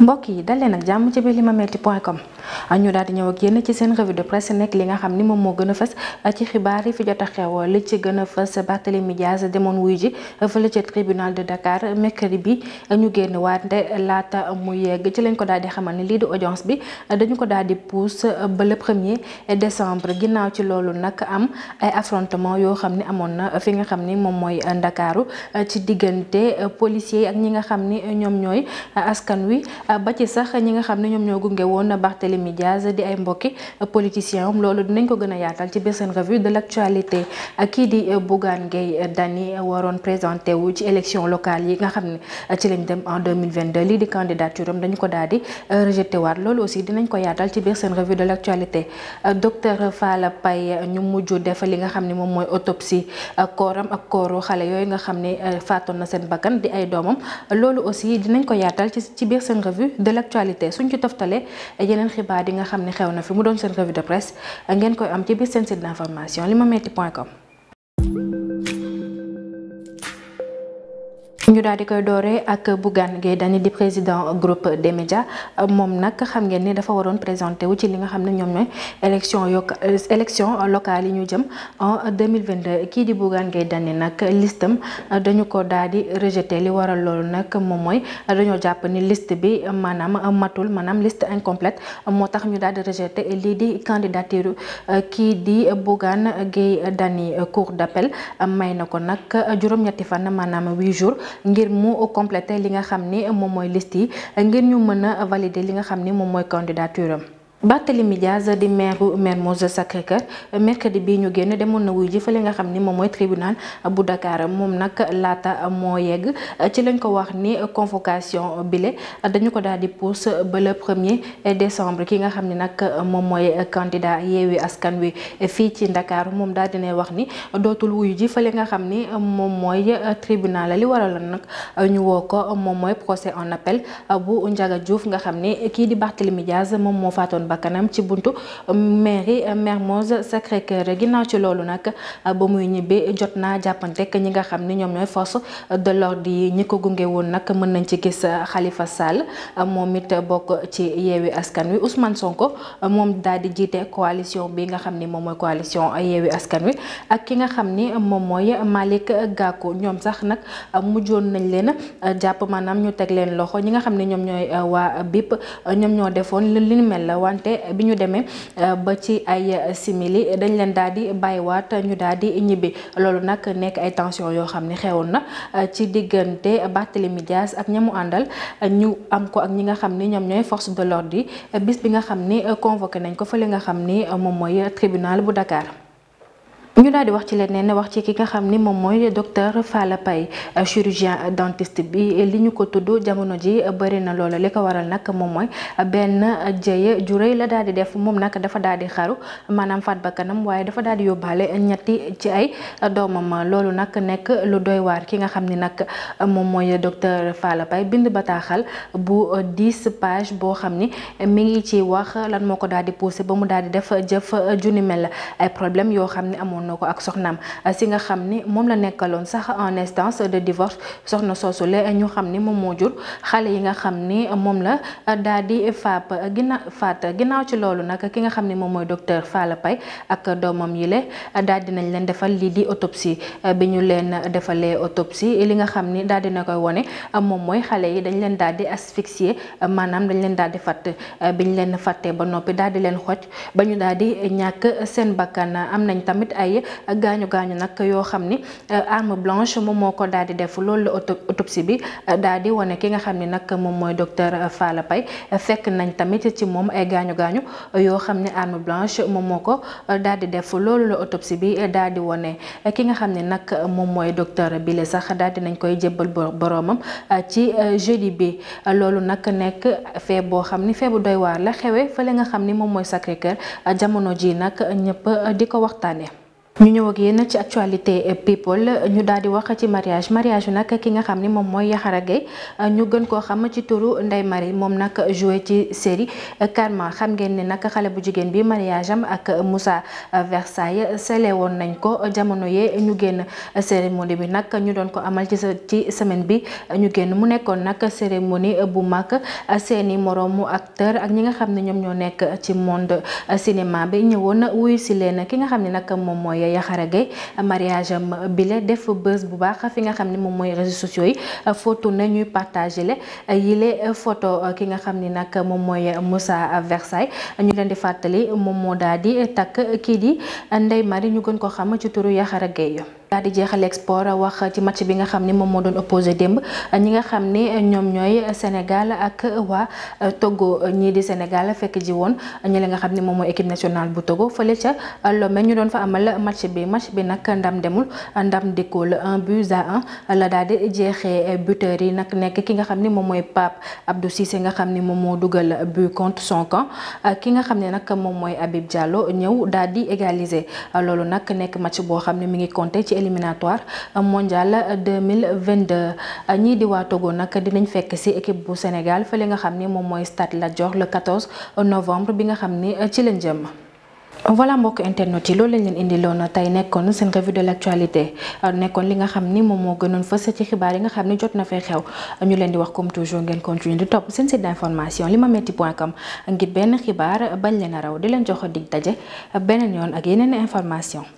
mbokk yi dal leen ak jàmm ci biir limametti point com ñu daal di ñëw ak yéen ci seen revue de presse nekk li nga xam ni moom moo gën a fës uh, ci xibaar yi fi jota a xew li ci gën a fës uh, Barthélémy Dias demoon wuy ji uh, fële ca tribunal de Dakar mercredi bi ñu génn waante laata mu yegg ci lañ ko daal di xamal ni lii di audience bi dañu ko daal di pousse ba le premier décembre ginnaaw ci loolu nag am ay affrontement yoo xam ni amoon na fi nga xam ni moom mooy Ndakaaru ci diggante policiers yi ak ñi nga xam ni ñoom ñooy askan wi ba ci sax ñi nga xam ne ñoom ñoo gunge woon Barthélemy Diaz di ay mbokki politicien am loolu dinañ ko gën a yaatal ci benn revue de l'actualité kii di Bougane Gueye Dany waroon présenté wu ci élection locale yi nga xam ne ci lañ dem en 2022 lii di candidature am dañu ko daal di rejeté waat loolu aussi dinañ ko yaatal ci benn revue de l'actualité docteur Falla Paye ñu mujj def li nga xam ni moom mooy autopsie kooram ak kooru xale yooyu nga xam ne faatoon na seen bakkan di ay doomam loolu aussi dinañ ko yaatal ci ci biir seen revue de l'actualité suñ ci toftalee yeneen xibaar yi nga xam ne xew na fi mu doon seen revue de presse ngeen koy am ci biir seen site d'information limametti point com ñu daal di koy dooree ak Bougane Gueye Dany di président groupe des médias moom nag xam ngeen ni dafa waroon présenté wu ci li nga xam ne ñoom ñooy élection yok élection locale yi ñu jëm en 2022 kii di Bougane Gueye Dany nag listam dañu ko daal di rejeté li waral loolu nag moom mooy dañoo jàpp ni liste bi maanaam matul maanaam liste incomplète moo tax ñu daal di rejeté lii di candidature kii di Bougane Gueye Dany cour d'appel may na ko nag juróom-ñetti fan maanaam huit jours ngir mu complété li nga xam ni moom mooy list yi ngir ñu mën a valider li nga xam ni moom mooy candidature am Barthélémy Dias di maire Mermoz sacré mercredi bii ñu génn demoon na wuy ji fële nga xam ni moom mooy tribunal bu Dakar moom nag laata moo yegg ci lañ ko wax ni convocation bile dañu ko daal di pousse ba le premier décembre ki nga xam ni nag moom mooy candidat Yewwi Askan Wi fii ci Dakar moom daal dinay wax ni dootul wuyu ji fële nga xam ni moom mooy tribunal li waraloon nag ñu woo ko moom mooy procès en appel bu Ndiaga Diouf nga xam ni kii bakkanam ci buntu mairie Mermoz Sacré-Cœur ginnaaw ci loolu nag ba muy ñibbi jot naa jàppantek ñi nga xam ni ñoom ñooy force de di ñi ko gunge woon nag mën nañ ci gis xalifa Sall moom it bokk ci yeewi askan wi Ousmane Sonko moom daal di jiite coalition bi nga xam ni moom mooy coalition yeewi askan wi ak ki nga xam ni moom mooy Malick Gakou ñoom sax nag mujjoon nañ leen jàpp maanaam ñu teg leen loxo ñi nga xam ne ñoom ñooy waa BIP ñoom ñoo defoon li mel la te bi ñu demee euh, ba ci ay euh, simili dañ leen daal di bàyyiwaat ñu daal di ñibbi loolu nag nekk ay tension yoo xam ni xewoon na euh, ci diggante Barthélemy Dias ak ñamu àndal ñu am ko ak ñi nga xam ni ñoom ñooy force de l'ordre yi bis bi nga xam ni convoqué nañ ko fa fële nga xam ni moom mooy tribunal bu Dakar ñu daal di wax ci leen leneen wax ci ki nga xam ni moom mooy docteur Falla Paye chirurgien dentiste bi li ñu ko tudd jamono ji bëri na loola li ko waral nag moom mooy benn jëye ju rëy la daal di def moom nag dafa daal di xaru maanaam faat kanam waaye dafa daal di yóbbaale ñetti ci ay doomam loolu nag nekk lu doy waar ki nga xam ni nag moom mooy docteur Falla Paye bind bataaxal bu dix page boo xam ni mi ngi ci wax lan moo ko daal di poussé ba mu daal di def jëf ju ni ay problème yoo xam ni amoon amoon ko ak soxnaam si nga xam ni moom la nekkaloon sax en instance de divorce soxna soosule ñu xam ni moom moo jur xale yi nga xam ni moom la daal di faap gina faat ginnaaw ci loolu nag ki nga xam ni moom mooy docteur Falla Paye ak doomam yile daal di nañ leen defal lii di autopsie bi ñu leen defalee autopsie li nga xam ni daal di na koy wone moom mooy xale yi dañ leen daal di asphyxier maanaam dañ leen daal di fatt bi ñu leen fàttee ba noppi daal di leen xoj ba ñu daal ñàkk seen bakkan am nañ tamit ay ak gaañu gaañu nag yoo xam ni euh, arme blanche moom moo ko daal di def loolu la autopsie bi euh, daal di wane ki nga xam ni nag moom mooy docteur Falla Paye fekk nañ tamit ci moom ay gaañu gaañu yoo xam ni arme blanche moom moo ko euh, daal di def loolu la autopsie bi daal di wane ki nga xam ni nag moom mooy docteur bile sax daal di nañ koy jébbal boroomam ci jeudi bi loolu nag nekk feeb boo xam ni feebu bu doy waar la xewee fële nga xam ni moom mooy Sacré-Cœur jamono ji nag ñëpp di ko waxtaanee. ñu ñëw ak yéen ci actualité people ñu daal di wax ci mariage mariage nag ki nga xam ni moom mooy Yaxara ñu gën koo xam ci turu Ndeye Marie moom nag joué ci série Karma xam ngeen ni nag xale bu jigéen bi mariage am ak Moussa Versailles sele woon nañ ko jamono yee ñu génn cérémonie bi nag ñu doon ko amal ci ci semaine bi ñu génn mu nekkoon nag cérémonie bu mag seeni moroomu acteur ak ñi nga xam ne ñoom ñoo nekk ci monde cinéma bi ñëwoon wuyu si leen ki nga xam ne nag moom mooy Ndiaye Yaxara Gueye mariage am bile def bës bu baax fi nga xam ni moom mooy réseaux sociaux yi photo na ñuy partagé le yile photo ki nga xam ni nag moom mooy Moussa Versailles ñu leen di fàttali moom moo daal di takk kii di Ndeye Marie ñu gën ko xam ci turu Yaxara daal di jeexale sport wax ci match bi nga xam ne moom moo doon opposé démb ñi nga xam ne ñoom ñooy Sénégal ak waa euh, Togo ñii di Sénégal fekk ji woon ñu la nga xam ne moom mooy équipe nationale bu Togo fële ca euh, Lomé ñu doon fa amal match bi match bi nag ndam demul ndam dikkul un but à un la daal di jeexee buteur yi nag nekk ki nga xam ne moom mooy Pape Abdou Cissé nga xam ni moom moo dugal but contre son camp ki nga xam ne nag moom mooy Habib Diallo ñëw daal di égaliser loolu nag nekk éliminatoire mondial 2022 ñii di waa Togo nag dinañ fekk ci équipe bu Sénégal li nga xam ni moom mooy stade la jox le 14 novembre bi nga xam ni ci lañ jëm. voilà mbokk internet yi loolu lañ leen indiloon tey nekkoon seen revue de l'actualité nekkoon li nga xam ni moom moo gënoon fës ci xibaar yi nga xam ni jot na fay xew ñu leen di wax comme toujours ngeen continuer di topp seen site d'information limametti.com ngir benn xibaar bañ leen a di leen jox dig daje beneen yoon ak yeneen information